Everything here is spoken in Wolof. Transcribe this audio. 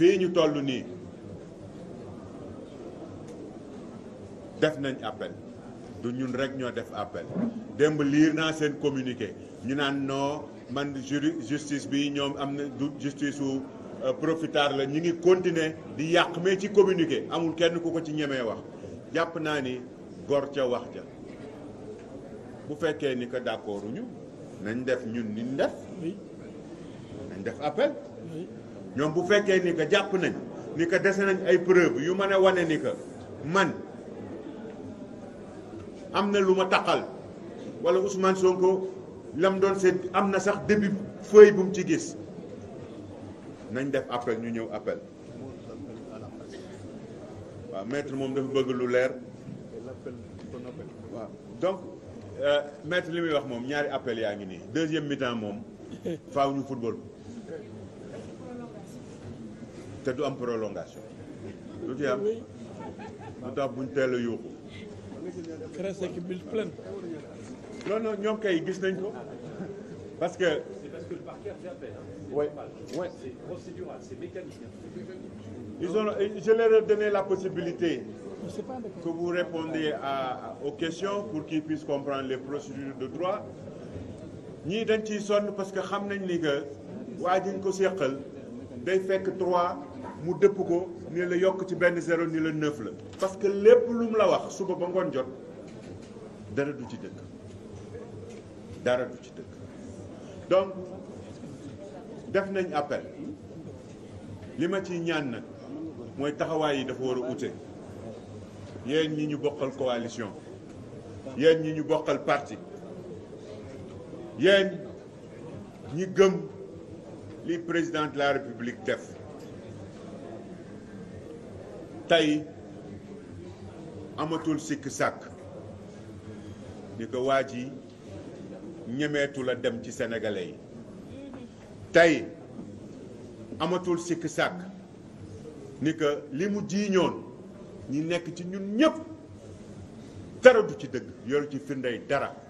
fii ñu toll nii def nañ appel du ñun rek ñoo def appel démb liir naa seen communiqué ñu naan non man justice bi ñoom am na du justice su euh, profitar la ñu ngi continuer di yàq mais ci communiqué amul kenn ku ko ci ñemee wax jàpp naa ni gor ca wax ja bu fekkee ni que d'accord uñu nañ def ñun ni def nañ def appel ñoom bu fekkee ni que jàpp nañ ni que dese nañ ay preuve yu mën a wane ni que man am na lu ma taqal wala Ousmane Sonko lam doon seet am na sax début feuille bu mu ci gis nañ def appel ñu ñëw appel waaw maître moom dafa bëgg lu leer waaw donc euh, maître li muy wax moom ñaari appel yaa ngi nii deuxième mi moom faaw ñu football. te du am prolongation lu ci am lu tax buñ teel a yóbbu. créer équipe pleine. non non ñoom kay gis nañ ko parce que. c'est parce que le parquet a fait appel. oui oui c'est procédural c'est mécanique. ils ont je leur ai donné la possibilité. que vous répondiez à aux questions pour qu'ils puissent comprendre les procédures de droit ñii dañ ciy sonn parce que xam nañ ni que waa jiñ ko seqal. day fekk trois mu dëpp ko ni la yokk ci benn zéro ni la neuf la parce que lépp lu mu la wax suba ba ngoon jot dara du ci dëkk dara du ci dëkk donc def nañ appel li ma ciy ñaan nag mooy taxawaay yi dafa war a ute yéen ñi ñu bokkal coalition yéen ñi ñu bokkal parti yéen ñi gëm li président de la république def tey amatul sikk sàkk ni ko waa ji ñemeetu la dem ci sénégalais yi tey amatul sikk sàkk ni que li mu jiiñoon ñi nekk ci ñun ñëpp dara du ci dëgg yoru ci firndey dara